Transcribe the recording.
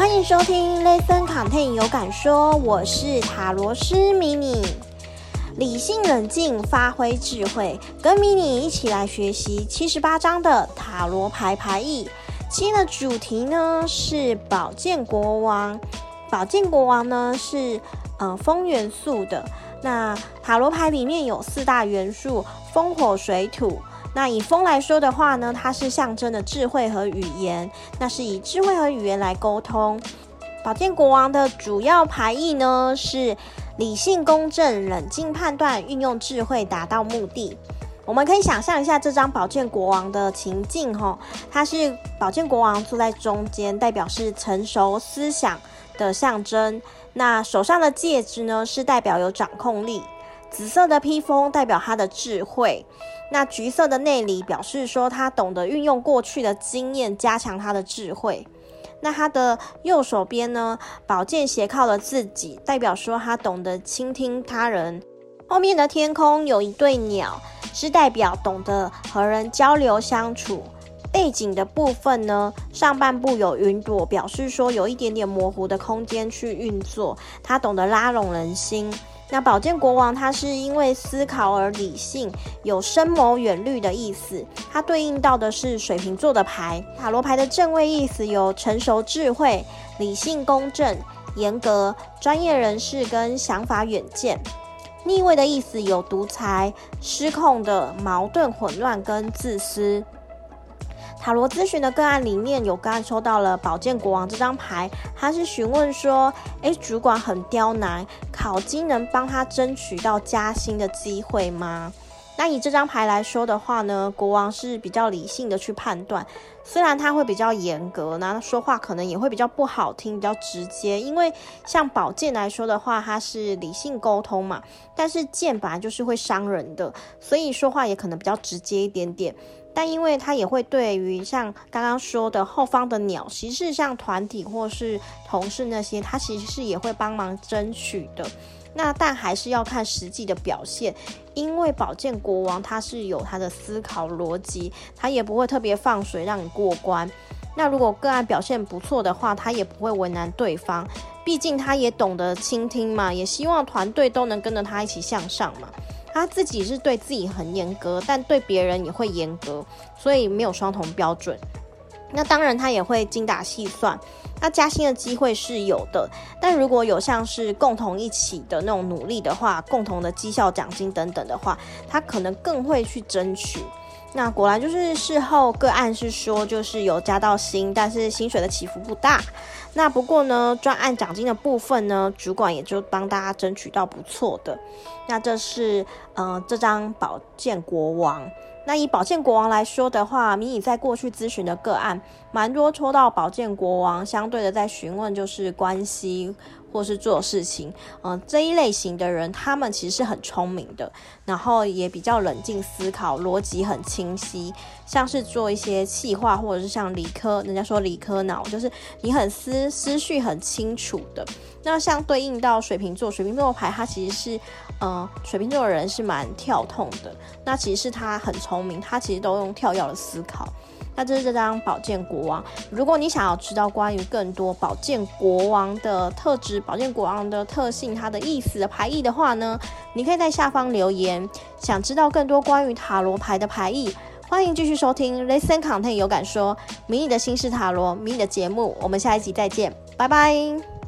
歡迎收聽《ListenContent 有感說》，我是塔羅師迷你，理性冷靜，發揮智慧，跟迷你一起來學習七十八張的塔羅牌牌意。今天的主題呢是寶劍國王，寶劍國王呢是、呃、風元素的。那塔羅牌裡面有四大元素：風、火、水、土。那以風來說的話呢，它是象徵的智慧和語言，那是以智慧和語言來溝通。寶劍國王的主要牌意呢是理性、公正、冷靜判斷，運用智慧達到目的。我們可以想象一下這張寶劍國王的情境哦，它是寶劍國王坐在中間，代表是成熟思想的象徵。那手上的戒指呢，是代表有掌控力。紫色的披風代表他的智慧，那橘色的內裡表示說他懂得運用過去的經驗加強他的智慧。那他的右手邊呢，寶劍斜靠了自己，代表說他懂得傾聽他人。後面的天空有一對鳥，是代表懂得和人交流相處。背景的部分呢，上半部有雲朵，表示說有一點點模糊的空間去運作。他懂得拉攏人心。那寶劍國王，他是因為思考而理性，有深謀遠慮的意思。它對應到的是水瓶座的牌，塔羅牌的正位意思有成熟、智慧、理性、公正、嚴格、專業人士跟想法遠見。逆位的意思有獨裁、失控的矛盾、混亂跟自私。塔羅諮詢的個案裡面有個案抽到了寶劍國王這張牌，他是詢問說：誒、欸，主管很刁難，考金能幫他爭取到加薪的機會嗎？那以這張牌來說的話呢，國王是比較理性的去判斷，雖然他會比較嚴格，那、啊、說話可能也會比較不好聽，比較直接。因為像寶劍來說的話，它是理性溝通嘛，但是劍本來就是會傷人的，所以說話也可能比較直接一點點。但因為他也會對於像剛剛說的後方的鳥，其實像團體或是同事那些，他其實是也會幫忙爭取的。那但還是要看實際的表現，因為寶劍國王他是有他的思考邏輯，他也不會特別放水讓你過關。那如果個案表現不錯的話，他也不會為難對方，畢竟他也懂得傾聽嘛，也希望團隊都能跟着他一起向上嘛。他自己是對自己很嚴格，但對別人也會嚴格，所以沒有雙重標準。那當然，他也會精打細算。那加薪的機會是有的，但如果有像是共同一起的那種努力的話，共同的績效獎金等等的話，他可能更會去爭取。那果然就是事後個案是說，就是有加到薪，但是薪水的起伏不大。那不過呢，專案獎金的部分呢，主管也就幫大家爭取到不錯的。那這是呃這張寶劍國王。那以寶劍國王來說的話，迷你在過去諮詢的個案蠻多，抽到寶劍國王，相對的在詢問就是關係或是做事情，嗯、呃，這一類型的人他們其實是很聰明的，然後也比較冷靜思考，邏輯很清晰，像是做一些企劃或者是像理科，人家說理科腦就是你很思思緒很清楚的。那相對應到水瓶座，水瓶座牌它其實是，呃，水瓶座的人是蠻跳痛的，那其實是他很聰明。聰明，他其實都用跳躍的思考。那就是這張寶劍國王。如果你想要知道關於更多寶劍國王的特質、寶劍國王的特性、它的意思的牌意的話呢，你可以在下方留言，想知道更多關於塔羅牌的牌意，歡迎繼續收聽《Listen Content 有感說迷你的心事塔羅迷你》的節目。我們下一集再見，拜拜。